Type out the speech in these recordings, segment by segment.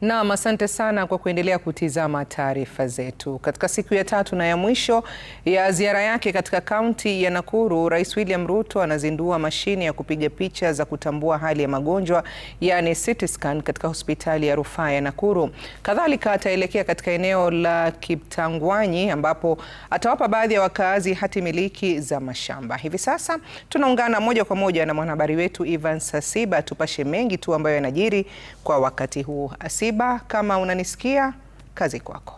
Naam, asante sana kwa kuendelea kutizama taarifa zetu. Katika siku ya tatu na ya mwisho ya ziara yake katika kaunti ya Nakuru, Rais William Ruto anazindua mashine ya kupiga picha za kutambua hali ya magonjwa yani CT scan katika hospitali ya rufaa ya Nakuru. Kadhalika ataelekea katika eneo la Kiptangwanyi ambapo atawapa baadhi ya wakaazi hati miliki za mashamba. Hivi sasa tunaungana moja kwa moja na mwanahabari wetu Ivan Sasiba tupashe mengi tu ambayo yanajiri kwa wakati huu. Asi Zanzibar. Kama unanisikia, kazi kwako.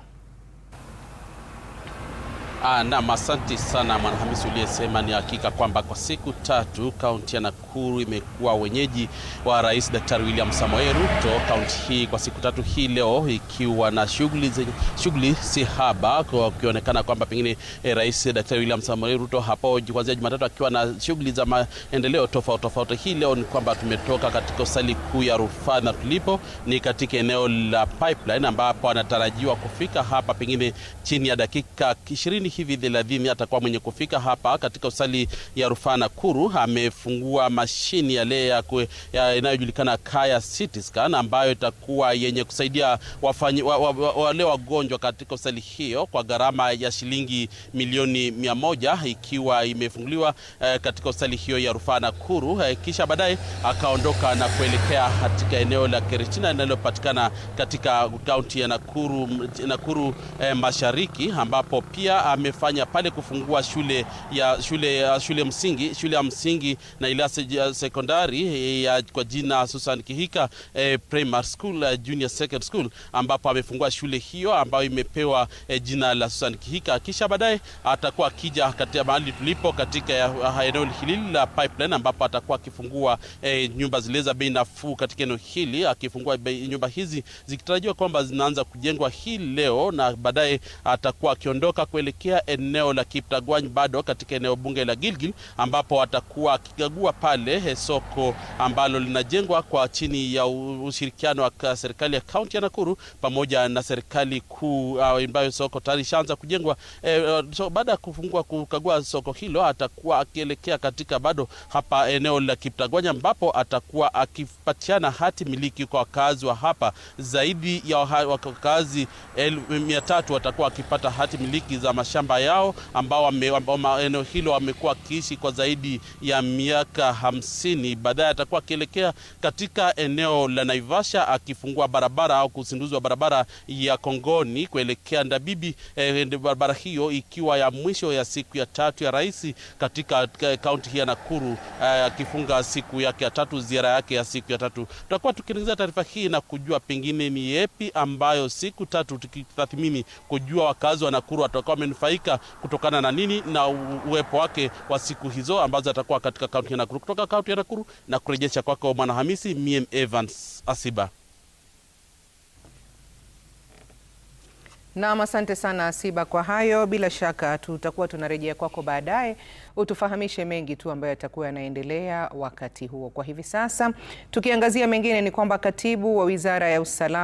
Ah, nam asante sana Mwanahamisi. Uliyesema ni hakika kwamba kwa siku tatu kaunti ya Nakuru imekuwa wenyeji wa Rais Daktari William Samoei Ruto, kaunti hii kwa siku tatu hii leo ikiwa na shughuli shughuli si haba, kwa kionekana kwamba pengine eh, Rais Daktari William Samoei Ruto hapo kuanzia Jumatatu akiwa na shughuli za maendeleo tofauti tofauti. Hii leo ni kwamba tumetoka katika hospitali kuu ya rufaa na tulipo ni katika eneo la Pipeline ambapo anatarajiwa kufika hapa pengine chini ya dakika 20 hivi thelathini atakuwa mwenye kufika hapa katika hospitali ya rufaa Nakuru. Amefungua mashini yale inayojulikana Kaya CT scan ambayo itakuwa yenye kusaidia wale wa, wa, wa, wale wagonjwa katika hospitali hiyo kwa gharama ya shilingi milioni mia moja ikiwa imefunguliwa eh, katika hospitali hiyo ya rufaa Nakuru eh, kisha baadaye akaondoka na kuelekea katika eneo la Kerichina linalopatikana katika kaunti ya Nakuru, Nakuru eh, mashariki ambapo pia amefanya pale kufungua shule ya shule ya shule msingi shule ya msingi na ile sekondari eh, ya kwa jina Susan Kihika eh, Primary School eh, Junior Second School ambapo amefungua shule hiyo ambayo imepewa eh, jina la Susan Kihika, kisha baadaye atakuwa akija katika mahali tulipo katika eh, eneo hili la Pipeline ambapo atakuwa akifungua eh, nyumba zile za bei nafuu katika eneo hili, akifungua nyumba hizi zikitarajiwa kwamba zinaanza kujengwa hii leo na baadaye atakuwa akiondoka kuelekea kuelekea eneo la Kiptagwany bado katika eneo bunge la Gilgil, ambapo watakuwa akikagua pale eh, soko ambalo linajengwa kwa chini ya ushirikiano wa serikali ya kaunti ya Nakuru pamoja na serikali kuu ambayo soko tayari ishaanza kujengwa. E, so baada ya kufungua kukagua soko hilo atakuwa akielekea katika bado hapa eneo la Kiptagwany ambapo atakuwa akipatiana hati miliki kwa wakazi wa hapa. Zaidi ya wakazi mia watakuwa akipata hati miliki za mashamba mashamba yao ambao eneo hilo wamekuwa akiishi kwa zaidi ya miaka hamsini. Baadaye atakuwa akielekea katika eneo la Naivasha akifungua barabara au kuzinduzwa barabara ya Kongoni kuelekea Ndabibi, eh, barabara hiyo ikiwa ya mwisho ya siku ya tatu ya rais katika eh, kaunti hii ya Nakuru eh, akifunga eh, siku yake ya tatu, ziara yake ya siku ya tatu. Tutakuwa tukiingiza taarifa hii na kujua pengine ni yepi ambayo siku tatu tukitathmini kujua wakazi wa Nakuru watakuwa wamenufaika kunufaika kutokana na nini na uwepo wake wa siku hizo ambazo atakuwa katika kaunti ya Nakuru. Kutoka kaunti ya Nakuru na kurejesha kwako kwa Mwanahamisi, mimi Evans Asiba. Nam, asante sana Asiba kwa hayo. Bila shaka tutakuwa tunarejea kwako baadaye, utufahamishe mengi tu ambayo yatakuwa yanaendelea wakati huo. Kwa hivi sasa tukiangazia mengine, ni kwamba katibu wa wizara ya usalama